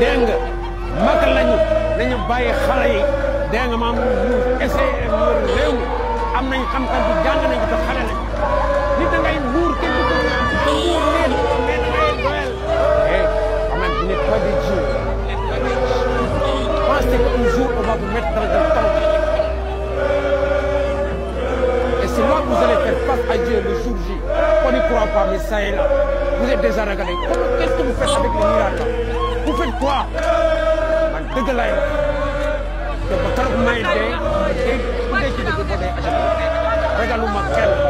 dégg nga mag lañu nañu bàyyi xale yi dégg nga maam ñu des wër réew mi am nañ xam-xam bi jàng nañ ko xale lañ nit da ngay muur kenn du ko naan te muur leen mais da ngay doyal eh quand même vous n'êtes pas des dieux pensez qu'un jour on va vous mettre dans un temple et c'est là que vous allez faire face à Dieu le jour J on n'y croit pas mais ça est là vous êtes des régalé qu'est-ce que vous faites avec les miracles dëgg laay wax te ba trop may dee dee ci dëgg ba dee ragaluma kenn